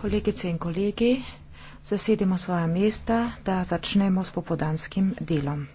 Kolegice in kolegi, zasedimo svoja mesta, da začnemo s popodanskim delom.